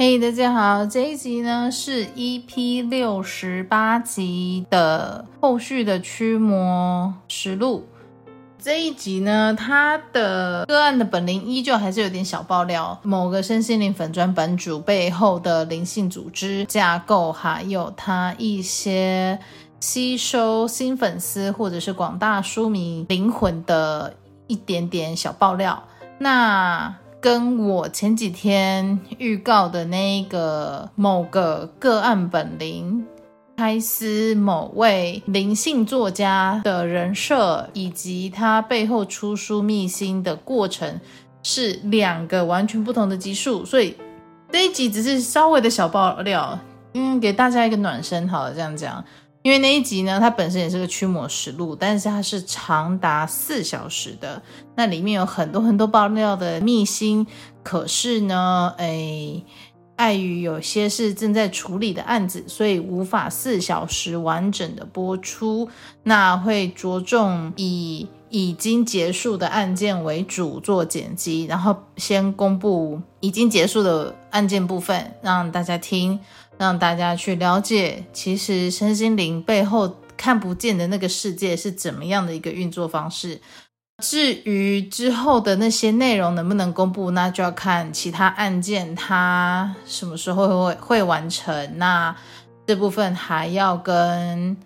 嘿，hey, 大家好，這一集呢是 EP 六十八集的後續的驅魔實錄。這一集呢，它的個案的本靈依舊還是有點小爆料，某個身心靈粉專版主背後的靈性組織架構，還有它一些吸收新粉絲或者是廣大書迷靈魂的一點點小爆料。那跟我前幾天預告的那一個某個個案本靈，開始某位靈性作家的人設，以及他背後出書秘辛的過程，是兩個完全不同的級數，所以這一集只是稍微的小爆料，嗯，給大家一個暖身，好了，這樣講。因為那一集呢，它本身也是個驅魔實錄，但是它是長達四小時的，那裡面有很多很多爆料的秘辛，可是呢，哎，礙於有些是正在處理的案子，所以無法四小時完整的播出，那會着重以。已經結束的案件為主做剪輯，然後先公布已經結束的案件部分，讓大家聽，讓大家去了解，其實身心靈背後看不見的那個世界是怎麼樣的一個運作方式。至於之後的那些內容能不能公布，那就要看其他案件它什麼時候會會完成。那這部分還要跟。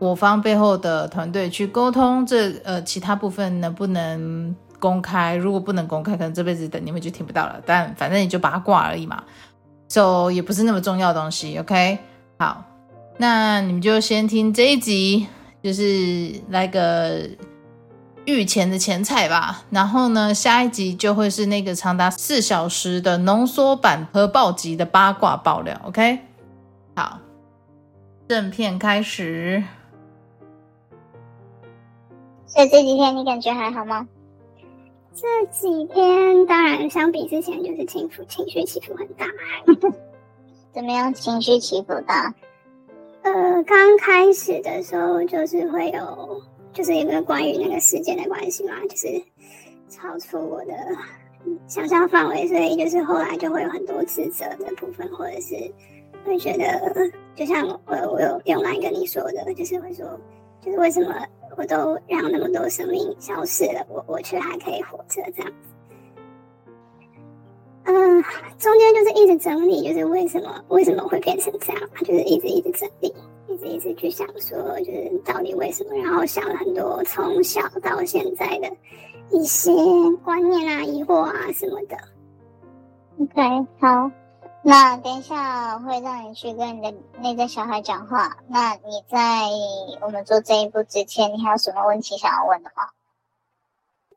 我方背後的團隊去溝通，這呃其他部分能不能公開？如果不能公開，可能這輩子等你們就聽不到了。但反正也就八卦而已嘛，所、so, 以也不是那麼重要的東西。OK，好，那你們就先聽這一集，就是來個御前的前菜吧。然後呢，下一集就會是那個長達四小時的濃縮版核爆級的八卦爆料。OK，好，正片開始。所以這幾天你感覺還好嗎？這幾天當然相比之前就是情緒，情緒起伏很大。 怎麼樣？情緒起伏大？呃，剛開始的時候就是會有，就是一個關於那個事件的關係嘛，就是超出我的想象範圍，所以就是後來就會有很多自責的部分，或者是會覺得，就像我有我有用來跟你說的，就是會說，就是為什麼。我都讓那麼多生命消失了，我我卻還可以活着這樣子。嗯、呃，中間就是一直整理，就是為什麼為什麼會變成這樣，就是一直一直整理，一直一直去想說，就是到底為什麼？然後想了很多從小到現在的一些觀念啊、疑惑啊什麼的。OK，好。那等一下會讓你去跟你的那個小孩講話。那你在我們做這一步之前，你還有什麼問題想要問的嗎？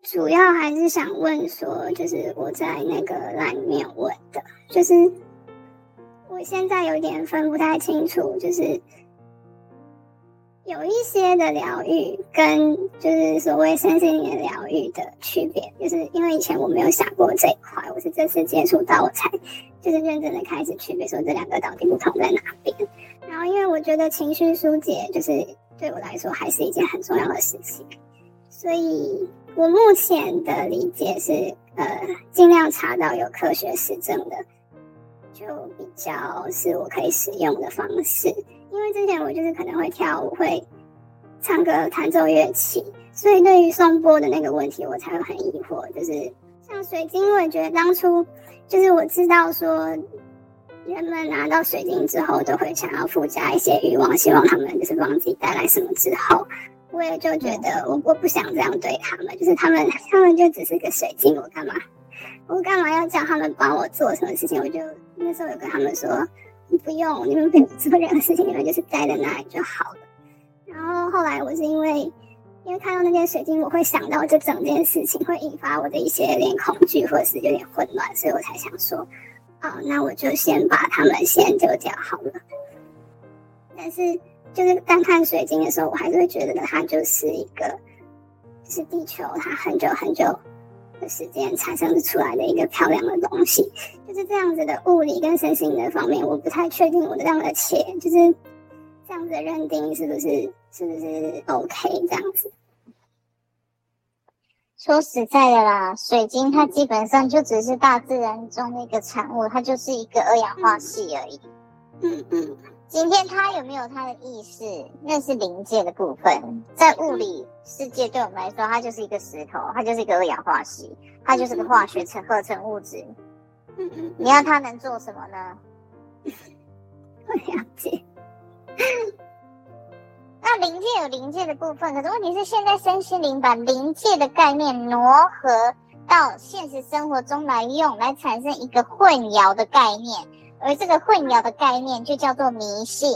主要還是想問說，就是我在那個欄裡面問的，就是我現在有點分不太清楚，就是。有一些的療癒跟就是所謂身心靈療癒的區別，就是因為以前我沒有想過這一塊，我是這次接觸到我才就是認真的開始區別說，這兩個到底不同在哪邊。然後因為我覺得情緒疏解，就是對我來說還是一件很重要的事情，所以我目前的理解是，呃，盡量查到有科學實證的，就比較是我可以使用的方式。因為之前我就是可能會跳舞、會唱歌、彈奏樂器，所以對於頌缽的那個問題，我才會很疑惑。就是像水晶，我也覺得當初就是我知道說，人們拿到水晶之後都會想要附加一些慾望，希望他們就是忘記帶來什麼。之後我也就覺得，我我不想這樣對他們，就是他們他們就只是個水晶，我幹嘛？我幹嘛要叫他們幫我做什麼事情？我就那時候有跟他們說。不用，你們不用做任何事情，你們就是待在那裡就好了。然後後來我是因為，因為看到那件水晶，我會想到這整件事情會引發我的一些點恐懼或者是有點混亂，所以我才想說，哦、啊，那我就先把它們先丟掉好了。但是就是單看水晶的時候，我還是會覺得它就是一個，就是地球，它很久很久。的時間產生的出來的一個漂亮的東西，就是這樣子的物理跟身心的方面，我不太確定我的這樣的錢，就是這樣子的認定是不是是不是 OK 這樣子？說實在的啦，水晶它基本上就只是大自然中的一個產物，它就是一個二氧化硅而已。嗯嗯。嗯嗯今天它有沒有它的意思，那是靈界的部分，在物理世界對我們來說，它就是一個石頭，它就是一個二氧化石它就是個化學成合成物質。你要它能做什麼呢？ 我了解。 那靈界有靈界的部分，可是問題是現在身心靈把靈界的概念挪合到現實生活中來用，來產生一個混淆的概念。而這個混淆的概念就叫做迷信。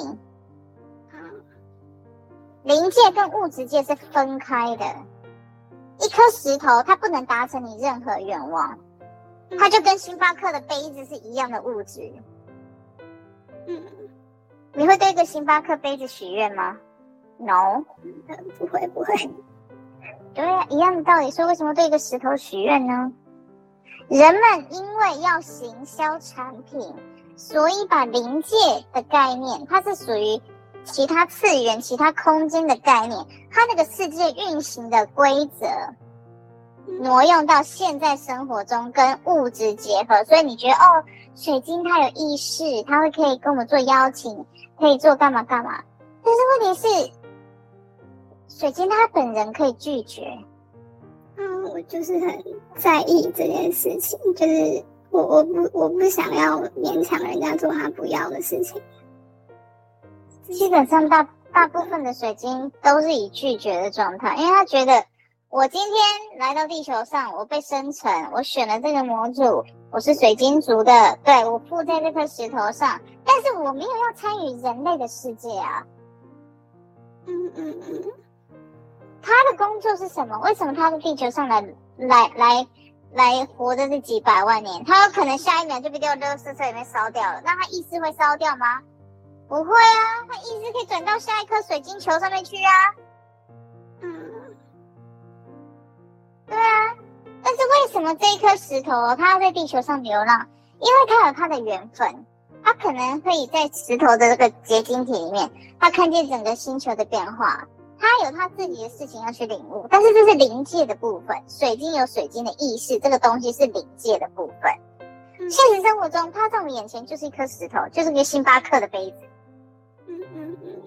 靈界跟物質界是分開的，一顆石頭它不能達成你任何願望，它就跟星巴克的杯子是一樣的物質。嗯，你會對一個星巴克杯子許願嗎？No，不會不會。對啊，一樣的道理，說為什麼對一個石頭許願呢？人們因為要行銷產品。所以把靈界的概念，它是屬於其他次元、其他空間的概念，它那個世界運行的規則挪用到現在生活中，跟物質結合，所以你覺得哦，水晶它有意識，它會可以跟我們做邀請，可以做幹嘛幹嘛？但是問題是，水晶它本人可以拒絕。嗯，我就是很在意這件事情，就是。我我不我不想要勉強人家做他不要的事情。基本上大大部分的水晶都是以拒絕的狀態，因為他覺得我今天來到地球上，我被生成，我選了這個模組，我是水晶族的，對我附在這顆石頭上，但是我沒有要參與人類的世界啊。嗯嗯嗯，他的工作是什麼？為什麼他到地球上來來來？來來活的是幾百萬年，他有可能下一秒就被掉到熱石頭裡面燒掉了。那他意識會燒掉嗎？不會啊，他意識可以轉到下一顆水晶球上面去啊。嗯，對啊。但是為什麼這一顆石頭它要在地球上流浪？因為它有它的緣分，它可能會在石頭的這個結晶體裡面，它看見整個星球的變化。他有他自己的事情要去領悟，但是這是靈界的部分。水晶有水晶的意識，這個東西是靈界的部分。現實生活中，它在我們眼前就是一顆石頭，就是一個星巴克的杯子。嗯嗯嗯。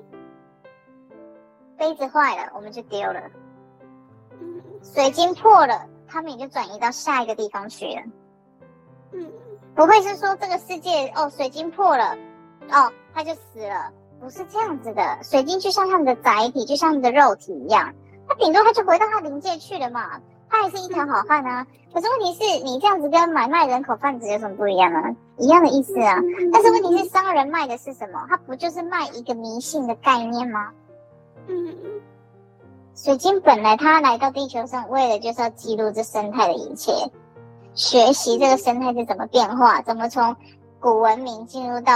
杯子壞了，我們就丟了。水晶破了，他們也就轉移到下一個地方去了。嗯，不會是說這個世界哦，水晶破了，哦，他就死了。不是這樣子的，水晶就像他們的載體，就像他們的肉體一樣。他頂多他就回到他靈界去了嘛。他也是一條好漢啊。可是問題是，你這樣子跟買賣人口販子有什麼不一樣呢、啊？一樣的意思啊。但是問題是，商人賣的是什麼？他不就是賣一個迷信的概念嗎？嗯。水晶本來他來到地球上，為了就是要記錄這生態的一切，學習這個生態是怎麼變化，怎麼從古文明進入到。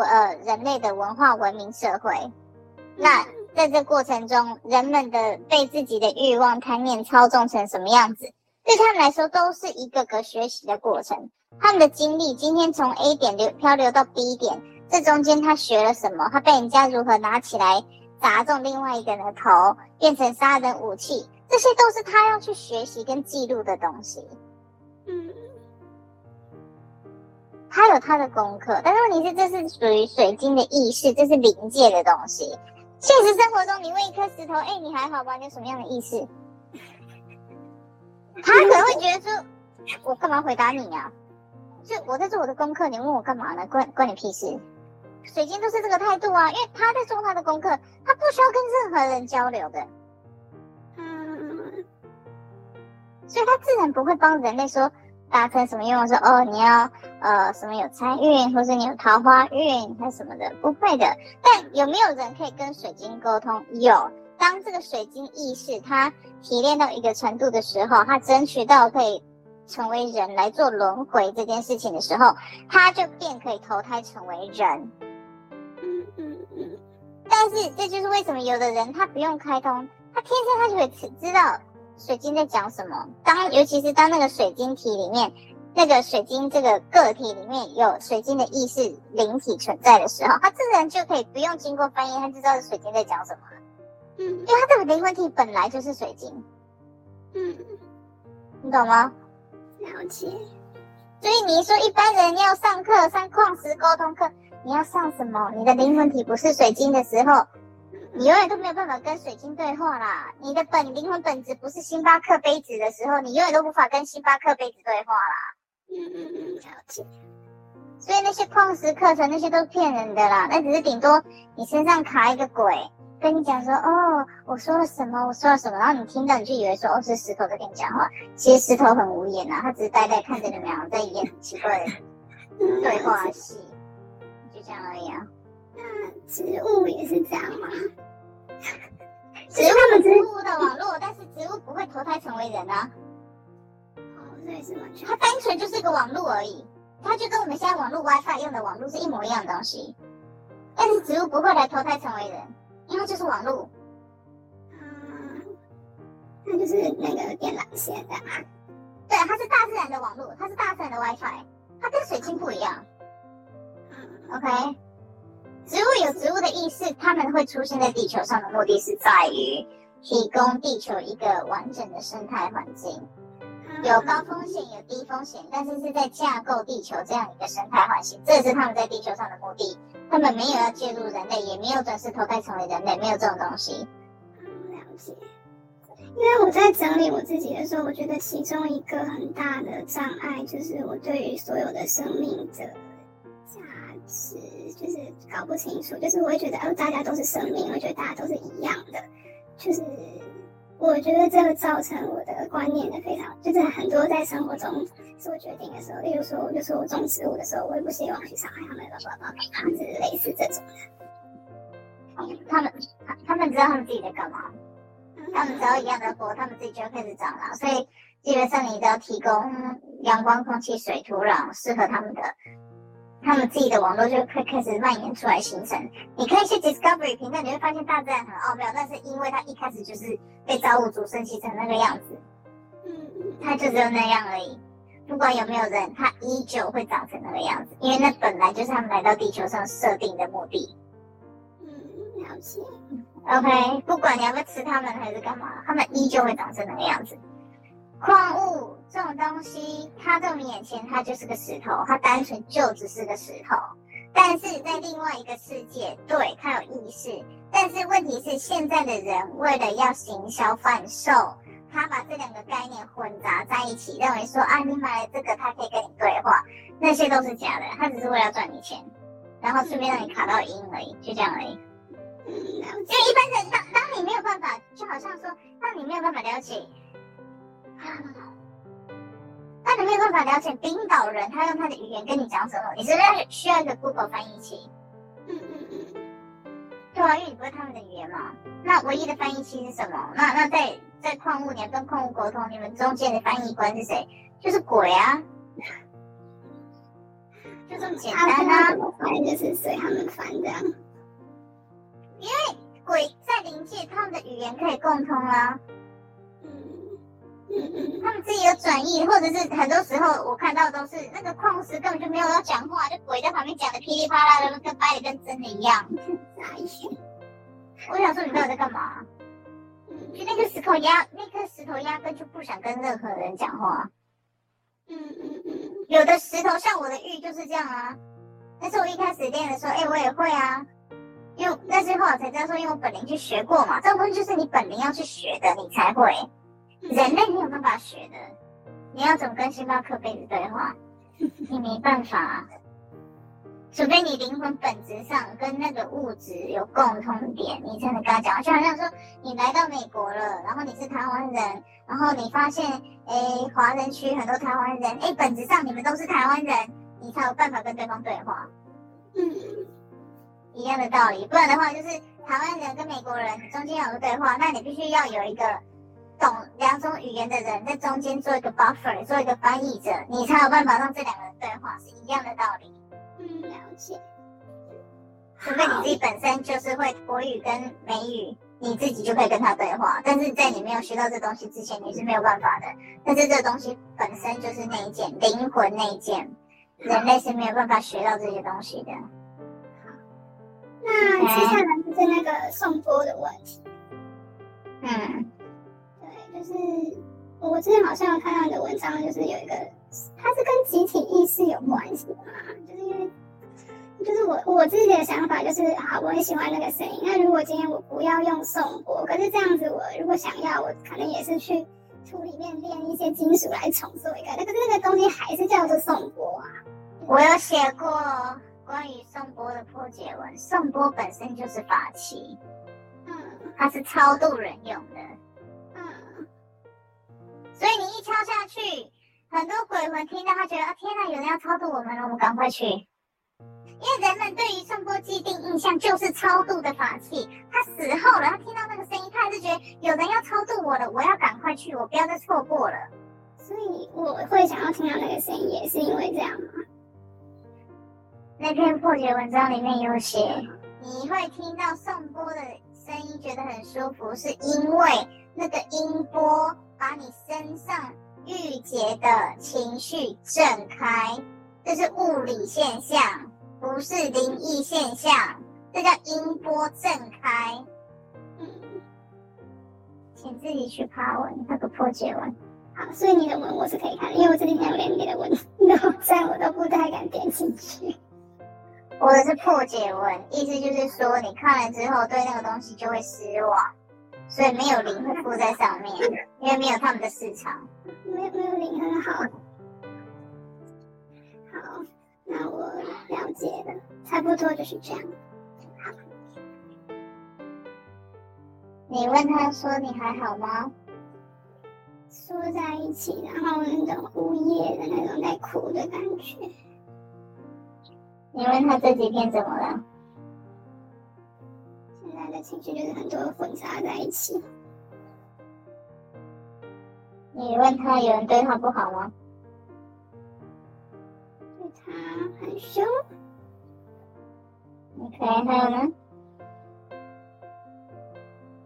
呃，人類的文化文明社會，那在這過程中，人們的被自己的慾望貪念操縱成什麼樣子，對他們來說都是一個個學習的過程。他們的經歷，今天從 A 點流漂流到 B 點，這中間他學了什麼，他被人家如何拿起來砸中另外一個人的頭，變成殺人武器，這些都是他要去學習跟記錄的東西。他有他的功課，但是問題是，這是屬於水晶的意識，這是靈界的東西。現實生活中，你問一顆石頭，哎、欸，你還好吧？你有什麼樣的意識？他可能會覺得說，我幹嘛回答你啊？就我在做我的功課，你問我幹嘛呢？關關你屁事！水晶都是這個態度啊，因為他在做他的功課，他不需要跟任何人交流的。嗯，所以他自然不會幫人類說。大坑什麼用？說哦，你要呃什麼有財運，或者你有桃花運，還是什麼的，不會的。但有沒有人可以跟水晶溝通？有，當這個水晶意識它提煉到一個程度的時候，它爭取到可以成為人來做輪回這件事情的時候，它就變可以投胎成為人。嗯嗯嗯。但是這就是為什麼有的人他不用開通，他天生他就會知道。水晶在講什麼？當尤其是當那個水晶體裡面，那個水晶這個個體裡面有水晶的意識靈體存在的時候，它自然就可以不用經過翻譯，它就知道水晶在講什麼。嗯，因為它的靈魂體本來就是水晶。嗯，你懂嗎？了解。所以你說一般人要上課，上礦石溝通課，你要上什麼？你的靈魂體不是水晶的時候。你永遠都沒有辦法跟水晶對話啦！你的本靈魂本質不是星巴克杯子的時候，你永遠都無法跟星巴克杯子對話啦。嗯嗯嗯，超級。所以那些礦石課程那些都是騙人的啦，那只是頂多你身上卡一個鬼，跟你講說哦，我說了什麼，我說了什麼，然後你聽到你就以為說哦，是石頭在跟你講話，其實石頭很無言啊，他只是呆呆看着你們倆在演奇怪的對話戲，就這樣而已啊。那植物也是這樣嗎？植物植物的網絡，但是植物不會投胎成為人啊。哦，它單純就是一個網絡而已，它就跟我們現在網絡 Wi-Fi 用的網絡是一模一樣的東西。但是植物不會來投胎成為人，因為就是網絡。嗯，它就是那個電纜線的啊。對，它是大自然的網絡，它是大自然的 Wi-Fi，它跟水晶不一樣。嗯，OK。植物有植物的意識，它們會出現在地球上的目的是在於提供地球一個完整的生態環境，有高風險，有低風險，但是是在架構地球這樣一個生態環境，這是他們在地球上的目的。他們沒有要介入人類，也沒有轉世投胎成為人類，沒有這種東西。嗯，了解。因為我在整理我自己的時候，我覺得其中一個很大的障礙就是我對於所有的生命者。是，就是搞不清楚，就是我會覺得，哦，大家都是生命，我覺得大家都是一樣的，就是我覺得這個造成我的觀念的非常，就是很多在生活中做決定的時候，例如說，我就說我種植物的時候，我也不希望去傷害他們的寶寶，甚至類似這種的，他們他們知道他們自己在幹嘛，他們只要一樣的活，他們自己就要開始長了，所以基本上你都要提供陽光、空氣、水、土壤，適合他們的。他們自己的網絡就會開始蔓延出來，形成。你可以去 discovery 平台，你會發現大自然很奧妙，但是因為它一開始就是被造物主設計成那個樣子，它、嗯、就只有那樣而已。不管有沒有人，它依舊會長成那個樣子，因為那本來就是他們來到地球上設定的目的。嗯，了解。OK，不管你要不要吃他們還是幹嘛，他們依舊會長成那個樣子。礦物。西，他在我們眼前，他就是個石頭，他單純就只是個石頭。但是在另外一個世界，對，他有意識。但是問題是，現在的人為了要行銷販售，他把這兩個概念混雜在一起，認為說啊，你買了這個，他可以跟你對話，那些都是假的，他只是為了賺你錢，然後順便讓你卡到陰而已，就這樣而已。嗯，就一般人當當你沒有辦法，就好像說，當你沒有辦法了解。啊那你沒有辦法了解冰島人，他用他的語言跟你講什麼？你是不是需要一個 Google 翻譯器？嗯嗯嗯，嗯對啊，因為你不會他們的語言嘛。那唯一的翻譯器是什麼？那那在在礦物年，你要跟礦物溝通？你們中間的翻譯官是誰？就是鬼啊，嗯、就這麼簡單啊！反正、啊、就是隨他們翻這樣，因為鬼在靈界，他們的語言可以共通啊。嗯嗯嗯嗯、他們自己有轉移，或者是很多時候我看到都是那個礦石根本就沒有要講話，就鬼在旁邊講的噼里啪啦的，跟掰的跟真的一樣。 我想說，你到底在幹嘛？就那顆石頭壓，那顆石頭壓根就不想跟任何人講話。嗯嗯嗯，有的石頭像我的玉就是這樣啊。但是我一開始練的時候，哎、欸，我也會啊。因為那時候才知道，說因為我本靈去學過嘛，這種東西就是你本靈要去學的，你才會。人類沒有辦法學的，你要怎麼跟星巴克杯子對話？你沒辦法啊，除非你靈魂本質上跟那個物質有共通點，你才能跟他講，就好像說你來到美國了，然後你是台灣人，然後你發現誒，華人區很多台灣人，誒、欸，本質上你們都是台灣人，你才有辦法跟對方對話。嗯，一樣的道理，不然的話就是台灣人跟美國人中間有個對話，那你必須要有一個。懂兩種語言的人在中間做一個 buffer，做一個翻譯者，你才有辦法讓這兩個人對話，是一樣的道理。嗯，了解。除非你自己本身就是會國語跟美語，好你自己就可以跟他對話。但是在你沒有學到這東西之前，你是沒有辦法的。但是這東西本身就是那一件靈魂，那一件好人類是沒有辦法學到這些東西的。好那，那 Okay 接下來就是那個頌缽的問題。嗯。就是我之前好像看到你的文章，就是有一個，它是跟集體意識有關係的嘛？就是因為，就是我我自己的想法就是啊，我很喜歡那個聲音。那如果今天我不要用頌缽，可是這樣子，我如果想要，我可能也是去土裡面練一些金屬來重塑一個。那個那個東西還是叫做頌缽啊。我有寫過關於頌缽的破解文，頌缽本身就是法器，嗯，它是超度人用的。所以你一敲下去，很多鬼魂聽到，他覺得，啊，天哪，有人要超度我們了，我們趕快去。因為人們對於頌缽既定印象就是超度的法器，他死後了，他聽到那個聲音，他還是覺得有人要超度我了，我要趕快去，我不要再錯過了。所以我會想要聽到那個聲音，也是因為這樣嗎？那篇破解文章裡面有寫，你會聽到頌缽的聲音，覺得很舒服，是因為那個音波。把你身上鬱結的情緒震開，這是物理現象，不是靈異現象。這叫音波震開。嗯，請自己去爬文，那個破解文。好，所以你的文我是可以看的，因為我這裡面有連你的文，所以，我都不太敢點進去。我的是破解文，意思就是說你看了之後對那個東西就會失望。所以沒有靈會附在上面，因為沒有他們的市場。沒有沒有靈很好，好。那我了解了，差不多就是這樣。好，你問他說你還好嗎？縮在一起，然後那種嗚咽的那種在哭的感覺。你問他這幾天怎麼了？的情緒就是很多混雜在一起。你問他有人對他不好嗎？對他很凶。你還有呢？嗯、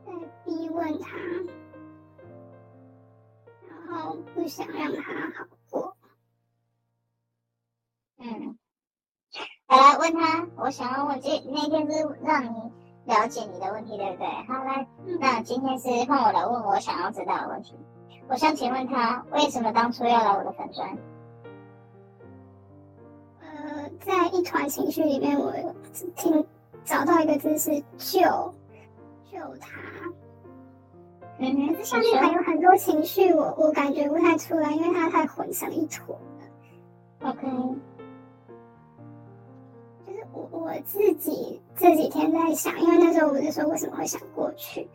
在逼問他，然後不想讓他好過。嗯，好了，問他，我想要忘記那天是讓你。了解你的問題，對不對？好，來，那今天是換我來問我想要知道的問題。我想請問他，為什麼當初要來我的粉專？呃，在一團情緒裡面，我聽找到一個字是，救救他。嗯，這上面還有很多情緒，我我感覺不太出來，因為他太混成一坨了。OK。我自己這幾天在想，因為那時候我就說為什麼會想過去，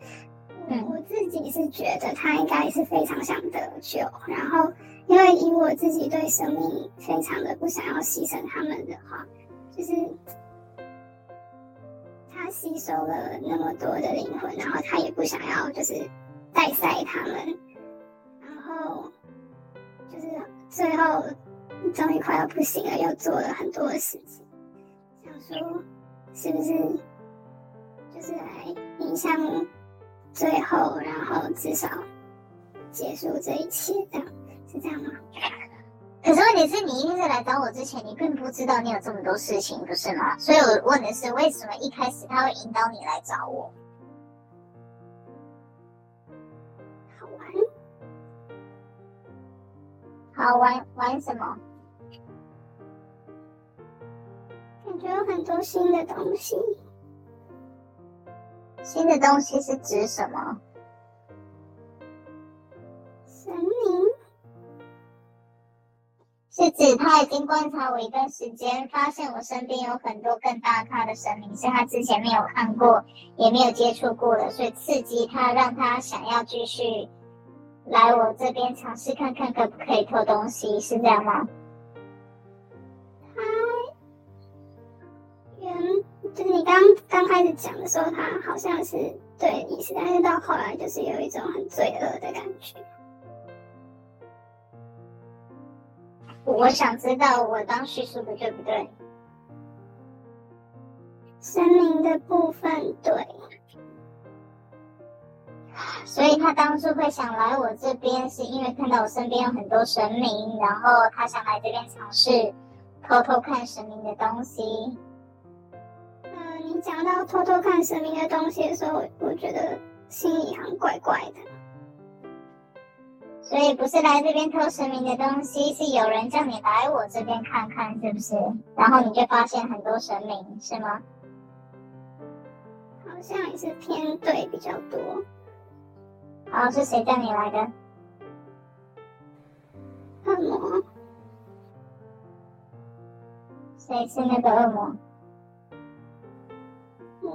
嗯，我自己是覺得他應該是非常想得救，然後因為以我自己對生命非常的不想要犧牲他們的話，就是他吸收了那麼多的靈魂，然後他也不想要就是帶衰他們，然後就是最後終於快要不行了，又做了很多的事情。我說是不是就是來影響最後，然後至少結束這一期，這樣是這樣嗎？可是問題是你一定是來找我之前，你並不知道你有這麼多事情，不是嗎？所以我問的是，為什麼一開始他會引導你來找我？好玩？好玩玩什麼？有很多新的東西，新的東西是指什麼？神明是指他已經觀察我一段時間，發現我身邊有很多更大咖的神明是他之前沒有看過，也沒有接觸過的，所以刺激他，讓他想要繼續來我這邊嘗試看看可不可以偷東西，是這樣嗎？開始講的時候，他好像是對你是，但是到後來就是有一種很罪惡的感覺。我想知道我當時說的對不對？神明的部分對，所以他當初會想來我這邊，是因為看到我身邊有很多神明，然後他想來這邊嘗試偷偷看神明的東西。講到偷偷看神明的東西的時候，我覺得心裡很怪怪的。所以不是來這邊偷神明的東西，是有人叫你來我這邊看看，是不是？然後你就發現很多神明，是嗎？好像也是天對比較多。好，是誰叫你來的？惡魔。誰是那個惡魔？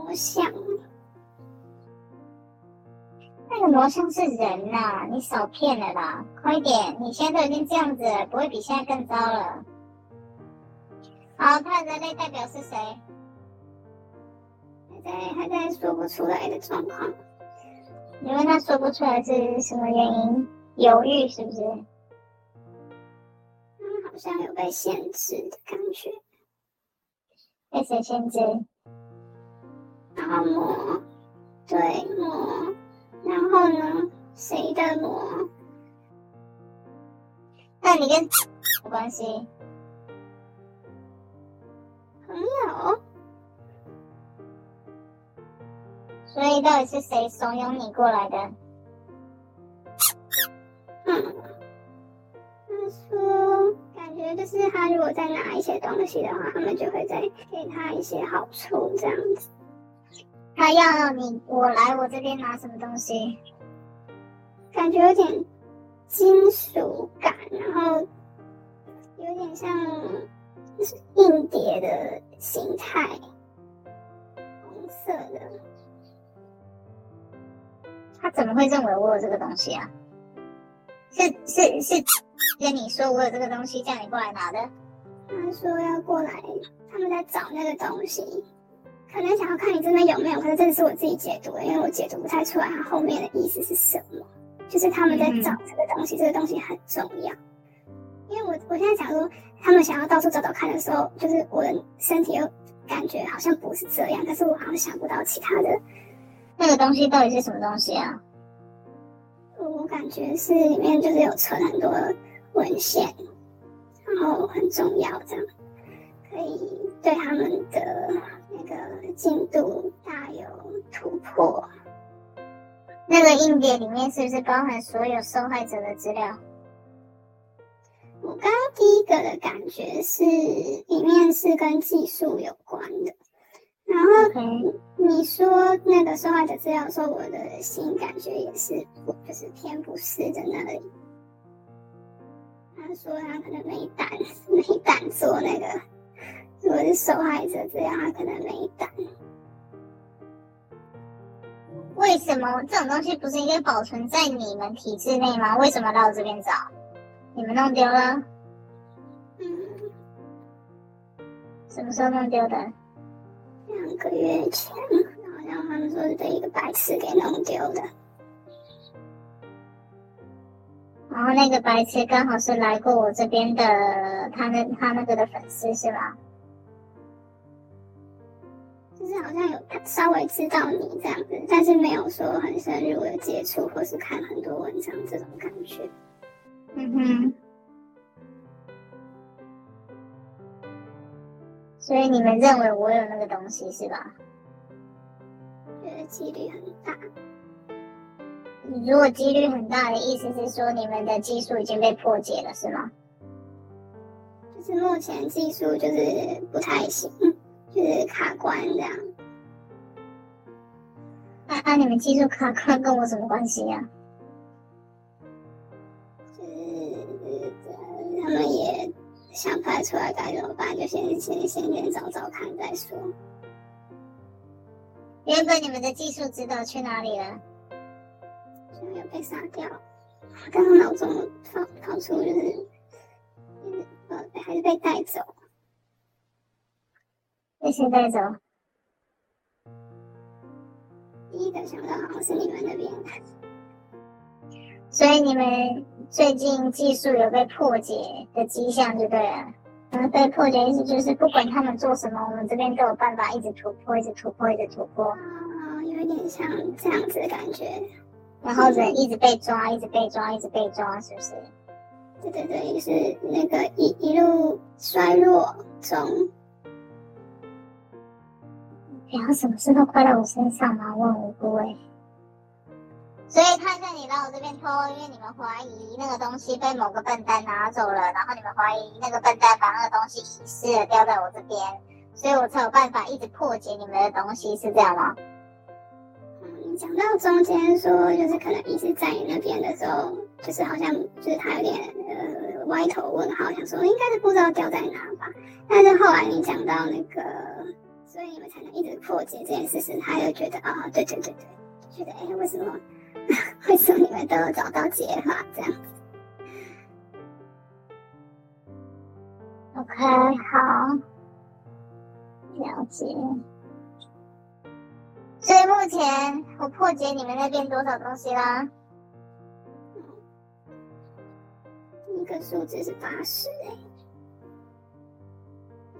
魔像，那個魔像是人吶、啊，你少騙了啦！快點，你現在都已經這樣子，不會比現在更糟了。好，他的人類代表是誰？還在還在說不出來的狀況，你問他說不出來這是什麼原因，猶豫是不是？他們好像有被限制的感覺，被誰限制？然後魔，對魔，然後呢？誰的魔？那你跟什麼關係？朋友。所以到底是誰慫恿你過來的？嗯，他說感覺就是他如果再拿一些東西的話，他們就會再給他一些好處，這樣子。他要你我來我這邊拿什麼東西？感覺有點金屬感，然後有點像硬碟的形態，紅色的。他怎麼會認為我有這個東西啊？是是是，跟你說我有這個東西，叫你過來拿的。他說要過來，他們在找那個東西。可能想要看你這邊有沒有，可是這是我自己解讀的，因為我解讀不太出來它後面的意思是什麼。就是他們在找這個東西，這個東西很重要。因為我我現在想說，他們想要到處找找看的時候，就是我的身體又感覺好像不是這樣，可是我好像想不到其他的。那個東西到底是什麼東西啊？我感覺是裡面就是有存很多文獻，然後很重要這樣可以。對他們的那個進度大有突破。那個硬碟裡面是不是包含所有受害者的資料？我剛剛第一個的感覺是，裡面是跟技術有關的。然後、嗯、哼你說那個受害者資料，說我的心感覺也是，就是偏不是的那裡。他說他可能沒膽，沒膽做那個。我是受害者，這樣他可能沒膽。為什麼這種東西不是應該保存在你們體制內嗎？為什麼到我這邊找？你們弄丟了？嗯，什麼時候弄丟的？兩個月前，然後好像他們說是被一個白痴給弄丟的。然後那個白痴剛好是來過我這邊的，他那他那個的粉絲是吧？就是好像有稍微知道你這樣子，但是沒有說很深入的接觸或是看很多文章這種感覺。嗯哼。所以你們認為我有那個東西是吧？覺得幾率很大。如果幾率很大的意思是說你們的技術已經被破解了是嗎？就是目前技術就是不太行。就是卡關這樣，那那、啊、你們技術卡關跟我什麼關係呀、啊就是？就是他們也想不出來該怎麼辦，就先先先先找找看再說。原本你們的技術指導去哪裡了？就像被殺掉了。剛剛腦中跑跑出就是，呃、還是被帶走。謝謝帶走，第一個想到好像是你們那邊，所以你們最近技術有被破解的跡象，就對了。然後被破解意思就是，不管他們做什麼，我們這邊都有辦法一直突破，一直突破，一直突破。啊，有一點像這樣子的感覺。然後人一直被抓，一直被抓，一直被抓，是不是？對對對，是那個一一路衰弱中。然後什麼事都怪在我身上嗎？我很無辜。所以，看一下你來我這邊偷，因為你們懷疑那個東西被某個笨蛋拿走了，然後你們懷疑那個笨蛋把那個東西遺失了，掉在我這邊，所以我才有辦法一直破解你們的東西，是這樣嗎？嗯，講到中間說，就是可能一直在你那邊的時候，就是好像就是他有點呃歪頭問號，想說應該是不知道掉在哪吧。但是後來你講到那個。所以你們才能一直破解這件事情，他就覺得啊、哦，對對對對，覺得哎，為什麼，為什麼你們都有找到解法這樣子？OK，好，了解。所以目前我破解你們那邊多少東西啦？第一個數字是八十哎，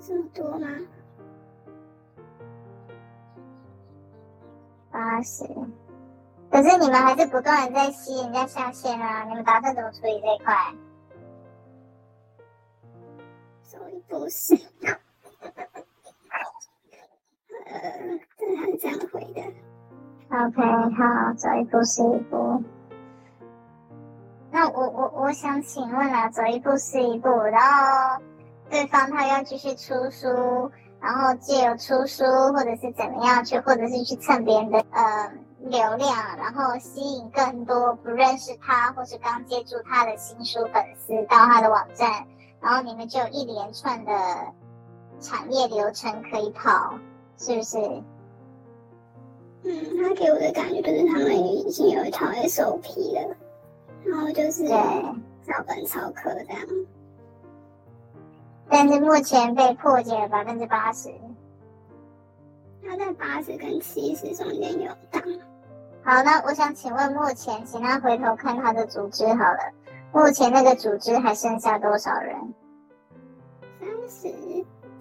這麼多嗎？啊是，可是你們還是不斷的在吸引人家下線啊，你們打算怎麼處理這一塊？走一步是一步， 呃，他是這樣回的。O、okay, K，好，走一步是一步。那我我我想請問了，啊，走一步是一步，然後對方他要繼續出書。然後借由出書，或者是怎麼樣去，或者是去蹭別人的呃流量，然後吸引更多不認識他或者剛接觸他的新書粉絲到他的網站，然後你們就有一連串的產業流程可以跑，是不是？嗯，他給我的感覺就是他們已經有一套 SOP 了，然後就是照對本操課這樣。但是目前被破解了百分之八十，他在八十跟七十中間有檔。好，那我想請問目前，請他回頭看他的組織好了。目前那個組織還剩下多少人？三十，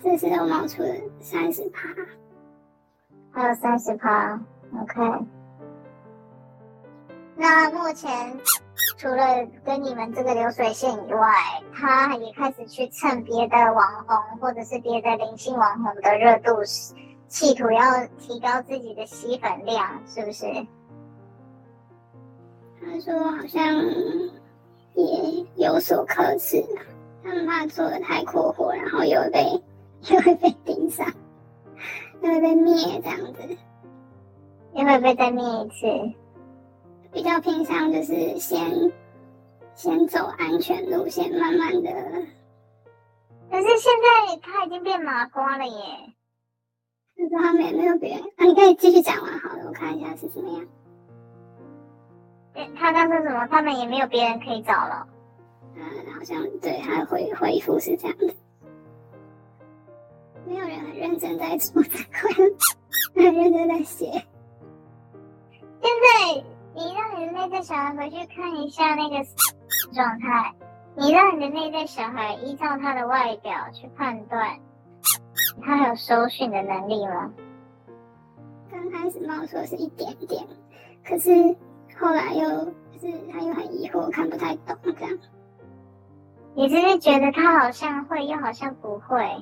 這次又冒出了三十趴，還有三十趴。OK，那目前。除了跟你們這個流水線以外，他也開始去蹭別的網紅或者是別的靈性網紅的熱度，企圖要提高自己的吸粉量，是不是？他說好像也有所克制，他們怕做的太過火，然後又被又會被盯上，又會被滅這樣子，又會被再滅一次。比較平常，就是先，先走安全路線，慢慢的。可是現在他已經變麻瓜了耶。可是他們也沒有別人啊，你可以繼續講完好了，我看一下是什麼樣。對、欸、他剛剛說什麼，他們也沒有別人可以找了。嗯、呃，好像對，他回回復是這樣的。沒有人很認真在做在快樂， 很認真在寫。現在。你讓你的內在小孩回去看一下那個狀態。你讓你的內在小孩依照他的外表去判斷，他還有收訊的能力嗎？剛開始冒出的是一點點，可是後來又就是他又很疑惑，看不太懂這樣。你是不是覺得他好像會，又好像不會？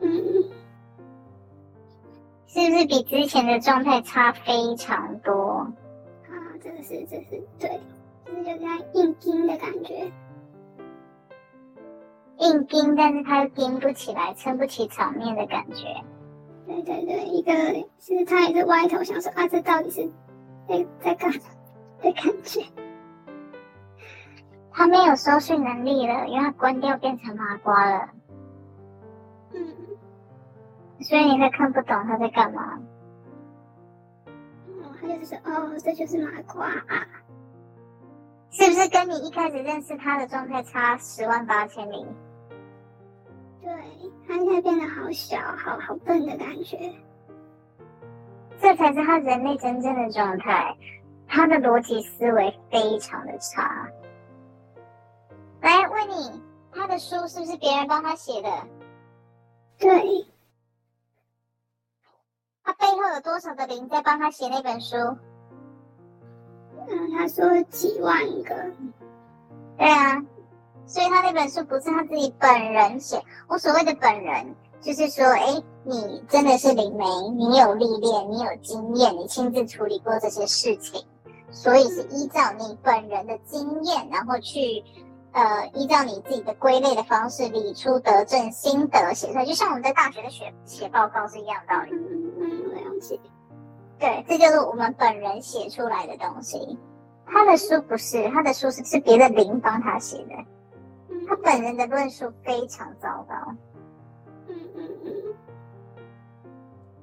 嗯，是不是比之前的狀態差非常多？是，這是對，就是有點硬釘的感覺，硬釘，但是他又釘不起來，撐不起場面的感覺。對對對，一個其實他也是歪頭想說啊，這到底是在在幹嘛的感覺？他沒有收訊能力了，因為他關掉變成麻瓜了。嗯，所以你還看不懂他在幹嘛？他就是哦，這就是麻瓜啊！是不是跟你一開始認識他的狀態差十萬八千里？對，他現在變得好小，好好笨的感覺。這才是他人類真正的狀態，他的邏輯思維非常的差。來，問你，他的書是不是別人幫他寫的？對。他背後有多少的靈在幫他寫那本書？嗯，他說幾萬一個。對啊，所以他那本書不是他自己本人寫。我所謂的本人，就是說，哎、欸，你真的是靈媒，你有歷練，你有經驗，你親自處理過這些事情，所以是依照你本人的經驗，然後去。呃，依照你自己的歸類的方式理出得正心得寫出來，就像我們在大學的學寫報告是一樣的道理。嗯，沒有問題。對，這就是我們本人寫出來的東西。他的書不是，他的書是是別的靈幫他寫的。嗯、他本人的論述非常糟糕。嗯嗯嗯。嗯嗯，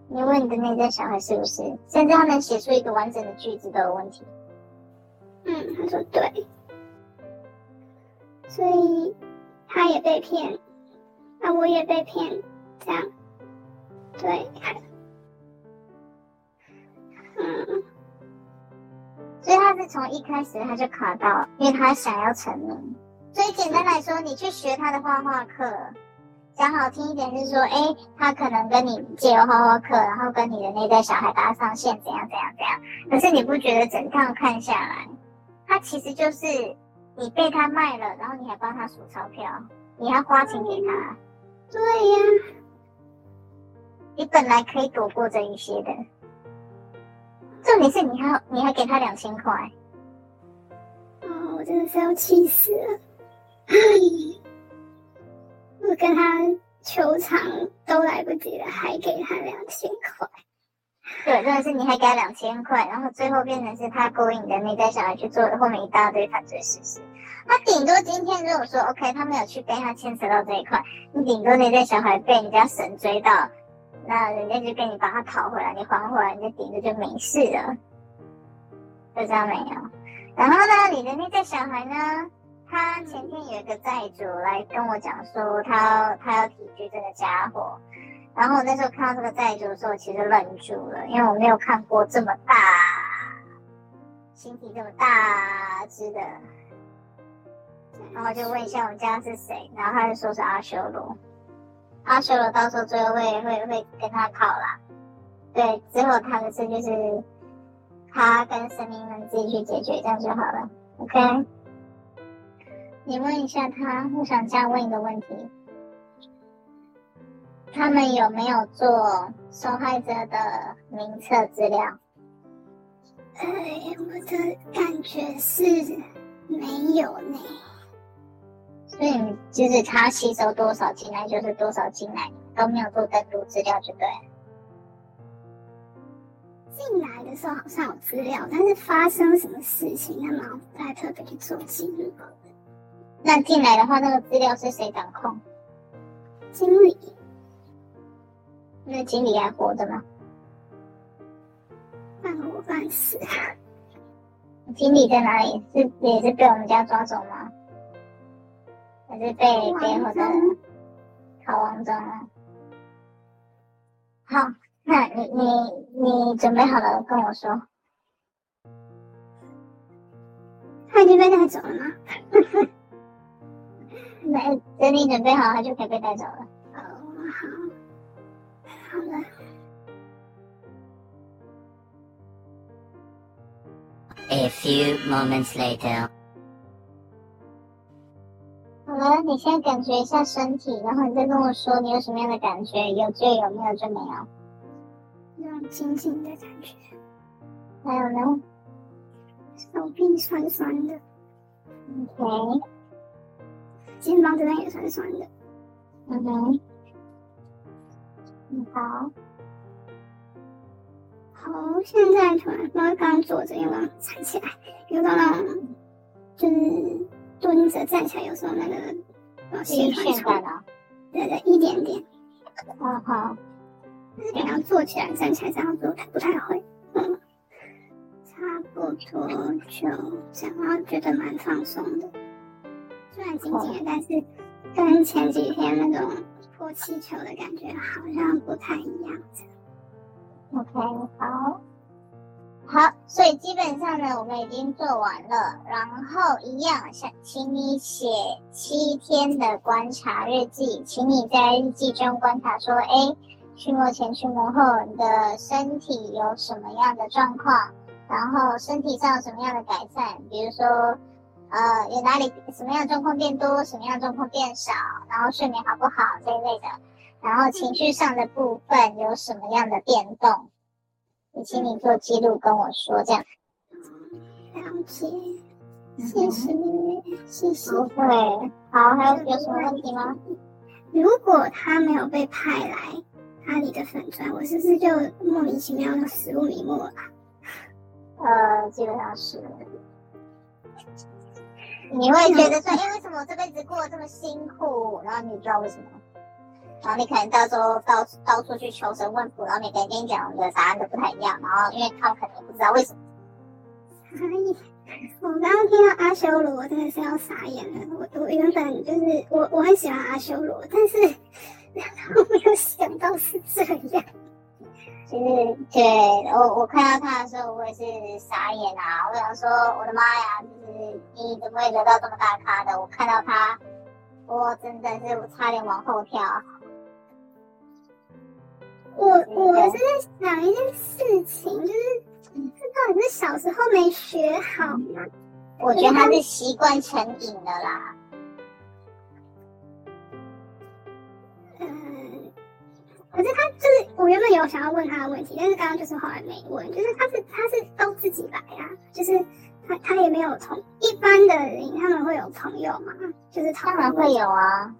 你問你的內在小孩是不是，現在他能寫出一個完整的句子都有問題？嗯，他說對。所以他也被騙，那我也被騙，這樣，對。嗯、所以他是從一開始他就卡到，因為他想要成名。所以簡單來說，你去學他的畫畫課，講好聽一點就是說，哎、欸，他可能跟你借由畫畫課，然後跟你的內在小孩搭上線，怎樣怎樣怎樣。可是你不覺得整套看下來，他其實就是。你被他賣了，然後你還幫他數鈔票，你還花錢給他，對呀、啊。你本來可以躲過這一些的，重點是你還你還給他兩千塊，啊、哦，我真的是要氣死了， 我跟他求償都來不及了，還給他兩千塊。對，真的是你還給他兩千塊，然後最後變成是他勾引你的那代小孩去做的後面一大堆犯罪事實。那頂多今天如果說 OK，他沒有去被他牽扯到這一塊，你頂多那代小孩被人家神追到，那人家就給你把他討回來，你還回來，人家頂多就沒事了，就這樣沒有？然後呢，你的那代小孩呢，他前天有一個債主來跟我講說他，他要他要體恤這個家伙。然後我那時候看到這個債主的時候，其實愣住了，因為我沒有看過這麼大星體這麼大隻的。然後就問一下我們家是誰，然後他就說是阿修羅。阿修羅到時候最後會會會跟他跑了。對，之後他的事就是他跟神明們自己去解決，這樣就好了。OK，你問一下他，我想這樣問一個問題。他們有沒有做受害者的名冊資料？哎、呃，我的感覺是沒有呢、欸。所以就是他吸收多少進來就是多少進來，都沒有做登錄資料，就對。進來的時候好像有資料，但是發生什麼事情，那麼不太特別去做記錄。那進來的話，那個資料是誰掌控？經理。那經理還活着嗎？半活半死。經理在哪裡？是也是被我們家抓走嗎？還是被背後的考王抓了？好，那你你你準備好了跟我說。他已經被帶走了嗎？ 那等你準備好，他就可以被帶走了。哦，好。好了。A few moments later。好了，你現在感覺一下身體，然後，你再跟我說你有什麼樣的感覺，有就有，沒有就沒有。那種緊緊的感覺。還有呢？手臂酸酸的。OK。肩膀這邊也酸酸的。還有、嗯。好，好，現在突然，我剛坐着又要站起來，又剛剛就是蹲着站起來，有時候那個鞋穿錯了，對對，一點點。好、哦、好，但是你要坐起來、站起來這樣做，不太會。嗯，差不多就這樣，然後覺得蠻放鬆的，雖然緊緊的，好但是跟前幾天那種。氣球的感覺好像不太一樣。OK，好，好，所以基本上呢，我們已經做完了。然後一樣，想請你寫七天的觀察日記，請你在日記中觀察說，哎，驅魔前、驅魔後，你的身體有什麼樣的狀況？然後身體上有什麼樣的改善？比如說。呃，有哪裡什麼樣狀況變多，什麼樣狀況變少，然後睡眠好不好這一類的，然後情緒上的部分有什麼樣的變動，也請你做記錄跟我說，這樣。了解。謝謝。嗯、謝謝。不會、okay。好，還有有什麼問題嗎？如果他沒有被派來阿璃的粉專，我是不是就莫名其妙的死不瞑目了？呃，基本上是。你會覺得說，哎，為什麼我這輩子過得這麼辛苦？然後你知道為什麼？然後你可能到時候到到處去求神問佛，然後每個人跟你講的答案都不太一樣。然後因為他們可能不知道為什麼。所以、哎、我剛剛聽到阿修羅真的是要傻眼了。我我原本就是我我很喜歡阿修羅，但是然後沒有想到是這樣。就是對我，我看到他的時候，我也是傻眼啊！我想說，我的媽呀，就是你怎麼會得到這麼大咖的？我看到他，我真的是差點往後跳。就是，我，我是在想一件事情，就是這到底是小時候沒學好嗎？我覺得他是習慣成癮的啦。可是他就是，我原本有想要問他的問題，但是剛剛就是後來沒問。就是他是他是都自己來啊，就是他他也沒有同一般的人，他們會有朋友嘛。就是友當然會有啊。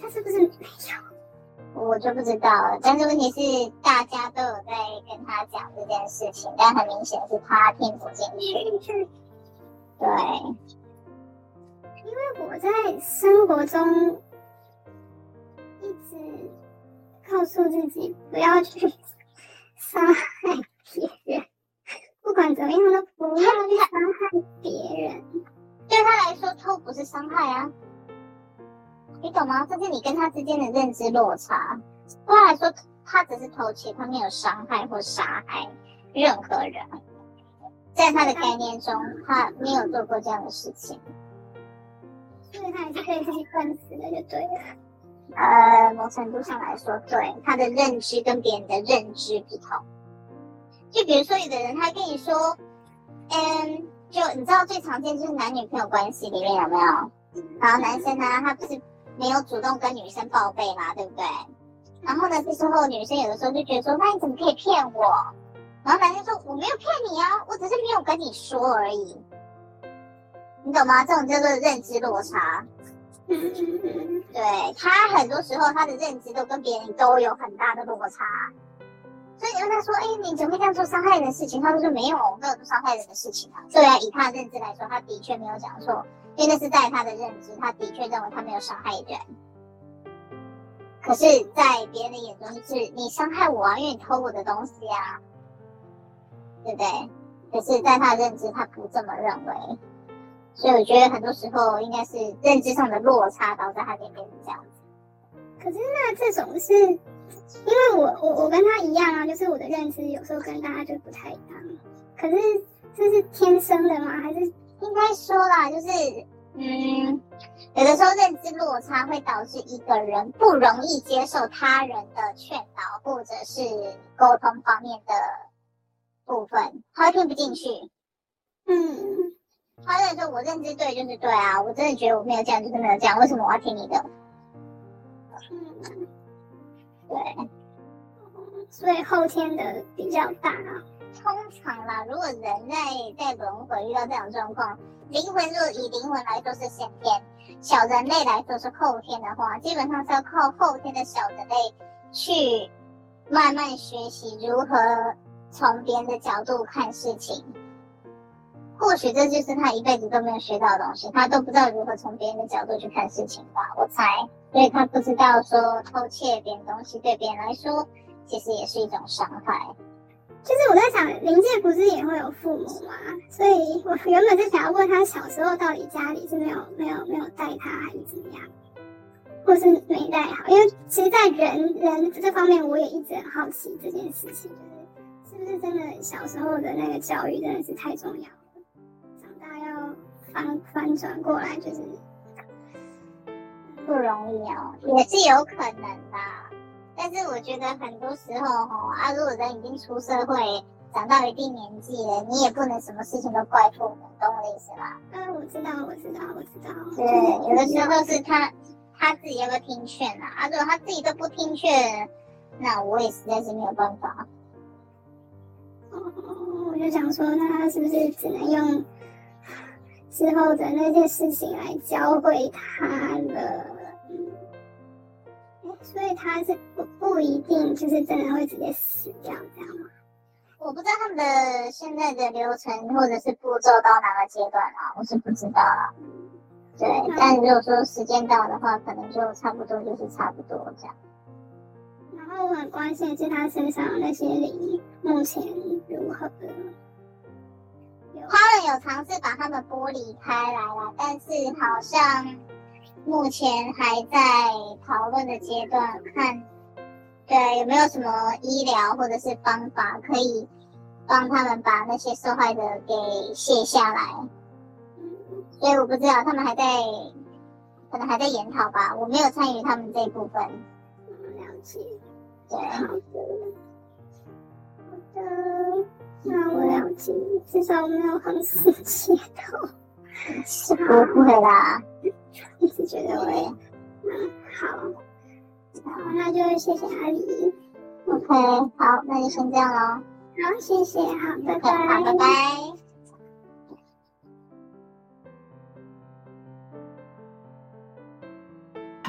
他是不是沒有？我就不知道了。但是問題是，大家都有在跟他講這件事情，但很明顯是他聽不進去。 對，因為我在生活中一直。告訴自己不要去傷害別人，不管怎麼樣都不要去傷害別人。對他來說，偷不是傷害啊，你懂嗎？這是你跟他之間的認知落差。對他來說，他只是偷竊，他沒有傷害或殺害任何人。在他的概念中，他沒有做過這樣的事情。所以他可以自己分詞的就對了。呃，某程度上來說，對，他的認知跟別人的認知不同。就比如說有的人，他跟你說，嗯，就你知道最常見就是男女朋友關係裡面有沒有？然後男生呢，他不是沒有主動跟女生報備嘛，對不對？然後呢，這時候女生有的時候就覺得說，那你怎麼可以騙我？然後男生說，我沒有騙你啊，我只是沒有跟你說而已。你懂嗎？這種叫做認知落差。 對他很多時候他的認知都跟別人都有很大的落差，所以你問他說，哎，你怎麼會這樣做傷害人的事情？他說沒有，我沒有做傷害人的事情啊。對啊，以他的認知來說，他的確沒有講錯，因為那是在他的認知，他的確認為他沒有傷害人。可是，在別人的眼中，就是你傷害我啊，因為你偷我的東西啊。對不對？可是，在他的認知，他不這麼認為。所以我覺得很多時候應該是認知上的落差導致他可以變成這樣子。可是那這種是因為我我我跟他一樣啊，就是我的認知有時候跟大家就不太一樣。可是這是天生的嗎？還是應該說啦，就是嗯，有的時候認知落差會導致一個人不容易接受他人的勸導，或者是溝通方面的部分，他會聽不進去。嗯。他在說：“我認知對就是對啊，我真的覺得我沒有這樣，就是沒有這樣，為什麼我要聽你的？”嗯、對，所以後天的比較大。通常啦，如果人類在輪迴遇到這種狀況，靈魂若以靈魂來說是先天，小人類來說是後天的話，基本上是要靠後天的小人類去慢慢學習如何從別人的角度看事情。或許這就是他一輩子都沒有學到的東西，他都不知道如何從別人的角度去看事情吧。我猜，因為他不知道說偷竊別人東西對別人來說其實也是一種傷害。就是我在想，靈界不是也會有父母嗎？所以我原本是想要問他小時候到底家裡是沒有沒有沒有帶他，還是怎麼樣，或是沒帶好？因為其實，在人人這方面，我也一直很好奇這件事情，就是是不是真的小時候的那個教育真的是太重要。翻翻轉過來就是不容易哦，也是有可能的、啊。但是我覺得很多時候哈，啊，如果人已經出社會，長到一定年紀了，你也不能什麼事情都怪父母，懂我的意思吧？嗯，我知道，我知道，我知道。對，有的時候是他他自己要不要聽勸啊，啊？如果他自己都不聽勸，那我也實在是沒有辦法。哦，我就想說，那他是不是只能用？之後的那件事情來教會他的、嗯，所以他是不不一定就是真的會直接死掉，這樣嗎？我不知道他們的現在的流程或者是步驟到哪個階段了、啊，我是不知道了、啊。嗯、對，他但如果說時間到的話，可能就差不多就是差不多這樣。然後我很關心的是他身上那些靈目前如何的。他們有嘗試把他們剝離開來了啊，但是好像目前還在討論的階段，看，對，有沒有什麼醫療或者是方法可以幫他們把那些受害者給卸下來。所以我不知道，他們還在可能還在研討吧，我沒有參與他們這一部分。了解。對。好的。好的。那、啊、我了解，至少我沒有橫死街頭，是、啊、不會啦、啊。一直覺得我也嗯好，好，那就謝謝阿璃。OK，好，那就先這樣嘍。好，謝謝，好，okay，拜拜，好，拜拜。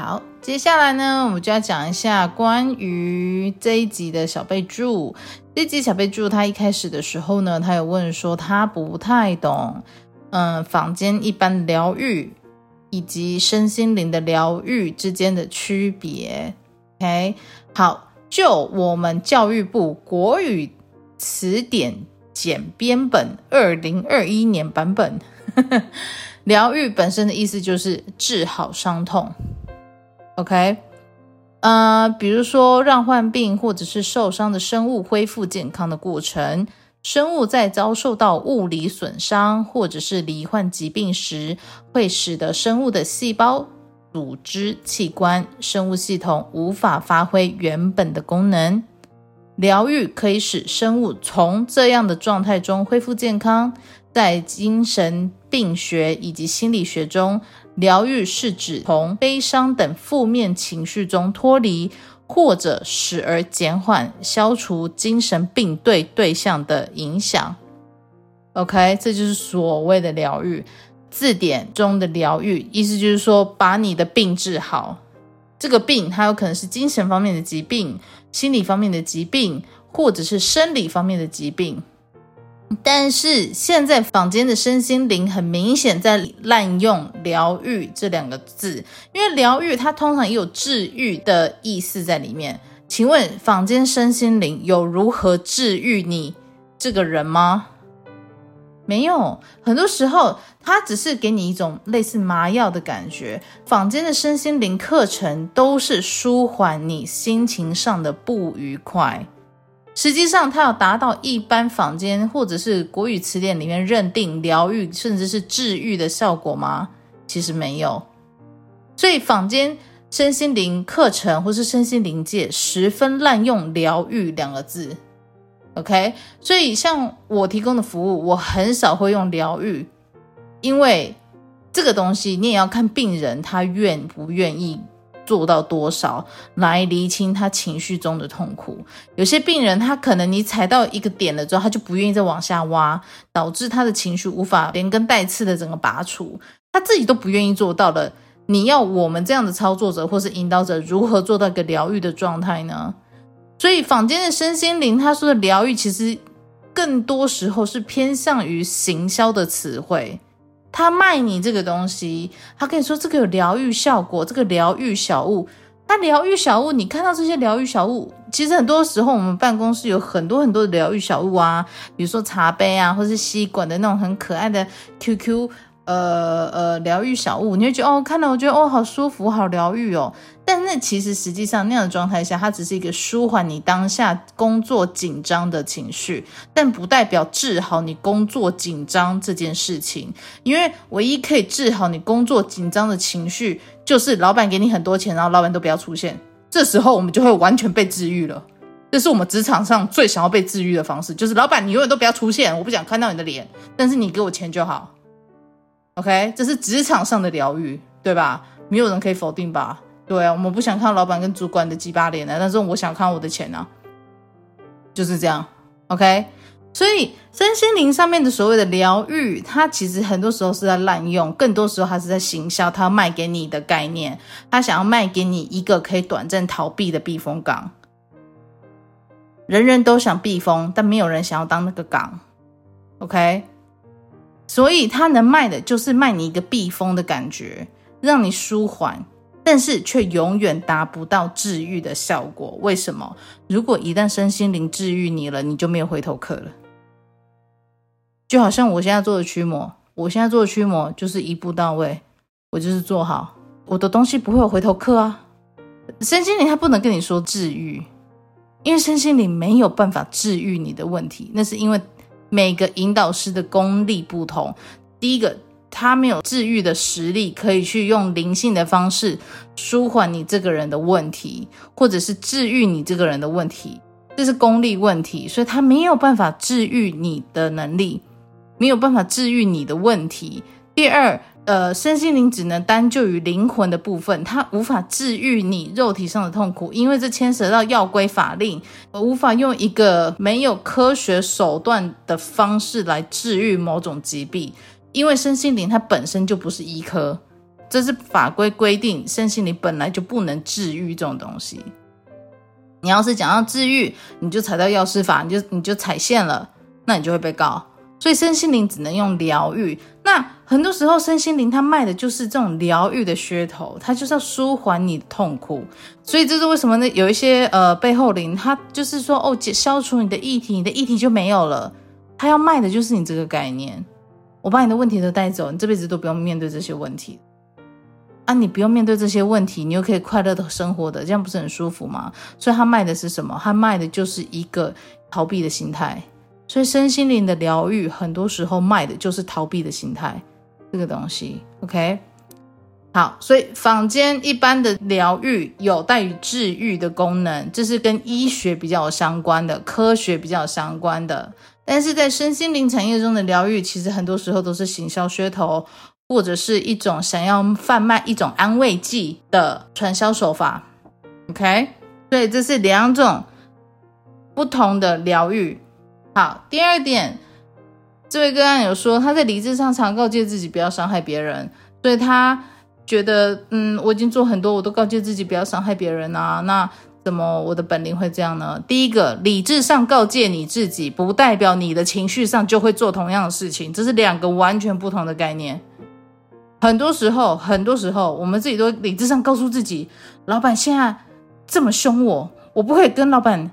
好，接下來呢，我們就要講一下關於這一集的小備注。這一集小備注，他一開始的時候呢，他有問說他不太懂，嗯，坊間一般療癒以及身心靈的療癒之間的區別。OK，好，就我們教育部國語詞典簡編本二零二一年版本，療 癒本身的意思就是治好傷痛。OK，呃，uh，比如說讓患病，或者是受傷的生物恢復健康的過程。生物在遭受到物理損傷或者是罹患疾病時，會使得生物的細胞、組織、器官、生物系統無法發揮原本的功能。療癒可以使生物從這樣的狀態中恢復健康。在精神病學以及心理學中，療癒是指從悲傷等負面情緒中脫離，或者使而減緩、消除精神病對對象的影響。OK，這就是所謂的療癒。字典中的療癒意思就是說，把你的病治好。這個病它有可能是精神方面的疾病、心理方面的疾病，或者是生理方面的疾病。但是現在坊間的身心靈很明顯在濫用“療癒”這兩個字，因為療癒它通常也有治癒的意思在裡面。請問坊間身心靈有如何治癒你這個人嗎？沒有，很多時候它只是給你一種類似麻藥的感覺。坊間的身心靈課程都是舒緩你心情上的不愉快。實際上，它要達到一般坊間或者是國語詞典裡面認定療癒，甚至是治癒的效果嗎？其實沒有。所以坊間身心靈課程或是身心靈界十分濫用“療癒”兩個字。OK，所以像我提供的服務，我很少會用“療癒”，因為這個東西你也要看病人他願不願意。做到多少來釐清他情緒中的痛苦？有些病人，他可能你踩到一個點了之後，他就不願意再往下挖，導致他的情緒無法連根帶刺的整個拔除，他自己都不願意做到了。你要我們這樣的操作者或是引導者，如何做到一個療癒的狀態呢？所以坊間的身心靈，他說的療癒，其實更多時候是偏向於行銷的詞彙。他賣你這個東西，他跟你說這個有療癒效果，這個療癒小物。那療癒小物，你看到這些療癒小物，其實很多時候我們辦公室有很多很多的療癒小物啊，比如說茶杯啊，或是吸管的那種很可愛的 QQ 呃呃療癒小物，你會覺得哦，看到我覺得哦，好舒服，好療癒哦。但那其實實際上那樣的狀態下，它只是一個舒緩你當下工作緊張的情緒，但不代表治好你工作緊張這件事情。因為唯一可以治好你工作緊張的情緒，就是老闆給你很多錢，然後老闆都不要出現。這時候我們就會完全被治癒了。這是我們職場上最想要被治癒的方式，就是老闆你永遠都不要出現，我不想看到你的臉，但是你給我錢就好。OK，這是職場上的療癒，對吧？沒有人可以否定吧？對啊，我們不想看老闆跟主管的雞巴臉啊，但是我想看我的錢啊，就是這樣。OK，所以身心靈上面的所謂的療癒，它其實很多時候是在濫用，更多時候它是在行銷，它要賣給你的概念，它想要賣給你一個可以短暫逃避的避風港。人人都想避風，但沒有人想要當那個港。OK，所以他能賣的就是賣你一個避風的感覺，讓你舒緩。但是卻永遠達不到治癒的效果。為什麼？如果一旦身心靈治癒你了，你就沒有回頭客了。就好像我現在做的驅魔，我現在做的驅魔就是一步到位，我就是做好我的東西，不會有回頭客啊。身心靈它不能跟你說治癒，因為身心靈沒有辦法治癒你的問題，那是因為每個引導師的功力不同。第一個。他沒有治癒的實力，可以去用靈性的方式舒緩你這個人的問題，或者是治癒你這個人的問題，這是功力問題，所以他沒有辦法治癒你的能力，沒有辦法治癒你的問題。第二，呃，身心靈只能單就於靈魂的部分，它無法治癒你肉體上的痛苦，因為這牽涉到藥歸法令，而無法用一個沒有科學手段的方式來治癒某種疾病。因為身心靈它本身就不是醫科，這是法規規定，身心靈本來就不能治癒這種東西。你要是講到治癒，你就踩到藥師法，你就你就踩線了，那你就會被告。所以身心靈只能用療癒。那很多時候，身心靈它賣的就是這種療癒的噱頭，它就是要舒緩你的痛苦。所以這是為什麼呢？有一些呃背後靈，它就是說哦，解消除你的議題，你的議題就沒有了。它要賣的就是你這個概念。我把你的問題都帶走，你這輩子都不用面對這些問題啊！你不用面對這些問題，你又可以快樂的生活的，這樣不是很舒服嗎？所以他賣的是什麼？他賣的就是一個逃避的心態。所以身心靈的療癒，很多時候賣的就是逃避的心態這個東西。OK，好，所以坊間一般的療癒有帶於治癒的功能，這是跟醫學比較有相關的，科學比較有相關的。但是在身心靈產業中的療癒，其實很多時候都是行銷噱頭，或者是一種想要販賣一種安慰劑的傳銷手法。OK，所以這是兩種不同的療癒。好，第二點，這位個案有說，他在理智上常告誡自己不要傷害別人，所以他覺得，嗯，我已經做很多，我都告誡自己不要傷害別人啊。那怎麼我的本靈會這樣呢？第一個，理智上告誡你自己，不代表你的情緒上就會做同樣的事情，這是兩個完全不同的概念。很多時候，很多時候，我們自己都理智上告訴自己，老板現在這麼凶我，我不會跟老板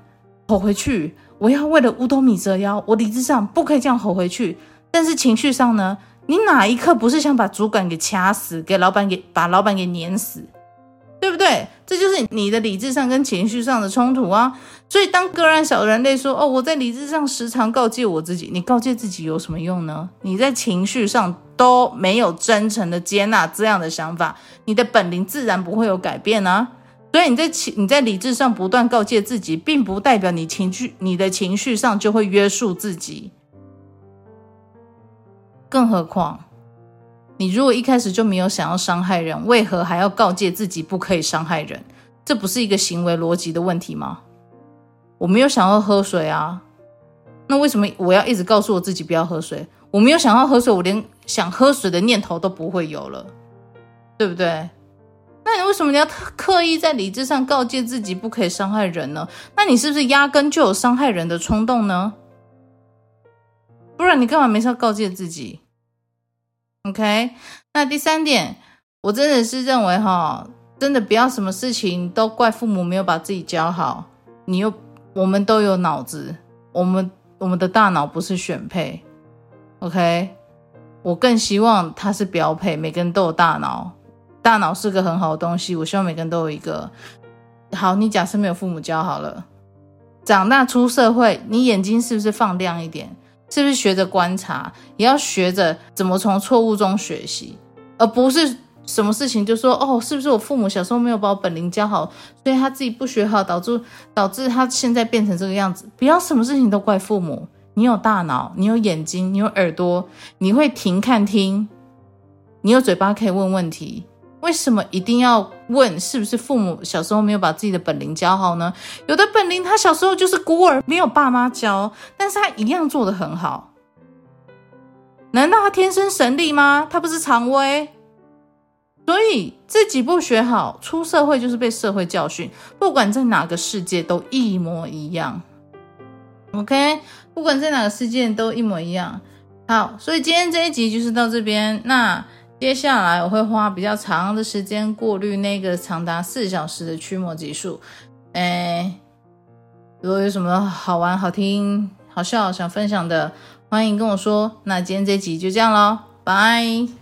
吼回去，我要為了五斗米折腰，我理智上不可以這樣吼回去。但是情緒上呢，你哪一刻不是想把主管給掐死，給老板給把老板給碾死，對不對？這就是你的理智上跟情緒上的衝突啊！所以當個人小的人類說：“哦，我在理智上時常告誡我自己，你告誡自己有什麼用呢？你在情緒上都沒有真誠的接納這樣的想法，你的本靈自然不會有改變啊。」所以你在情你在理智上不斷告誡自己，並不代表你情緒你的情緒上就會約束自己，更何況。”你如果一開始就沒有想要傷害人，為何還要告誡自己不可以傷害人？這不是一個行為邏輯的問題嗎？我沒有想要喝水啊，那為什麼我要一直告訴我自己不要喝水？我沒有想要喝水，我連想喝水的念頭都不會有了，對不對？那你為什麼你要刻意在理智上告誡自己不可以傷害人呢？那你是不是壓根就有傷害人的衝動呢？不然你幹嘛沒事要告誡自己？OK，那第三點，我真的是認為齁，真的不要什麼事情都怪父母沒有把自己教好。你又，我們都有腦子，我們我們的大腦不是選配，OK，我更希望它是標配，每個人都有大腦，大腦是個很好的東西，我希望每個人都有一個。好，你假設沒有父母教好了，長大出社會，你眼睛是不是放亮一點？是不是學着觀察，也要學着怎麼從錯誤中學習，而不是什麼事情就說哦，是不是我父母小時候沒有把我本靈教好，所以他自己不學好，導致導致他現在變成這個樣子？不要什麼事情都怪父母。你有大腦，你有眼睛，你有耳朵，你會停看聽，你有嘴巴可以問問題。為什麼一定要問是不是父母小時候沒有把自己的本領教好呢？有的本領他小時候就是孤兒，沒有爸媽教，但是他一樣做得很好。難道他天生神力嗎？他不是常威，所以自己不學好，出社會就是被社會教訓。不管在哪個世界都一模一樣。OK，不管在哪個世界都一模一樣。好，所以今天這一集就是到這邊。那。接下來我會花比較長的時間過濾那個長達四小時的驅魔集數，哎、欸，如果有什麼好玩、好聽、好笑、想分享的，歡迎跟我說。那今天這集就這樣嘍，拜。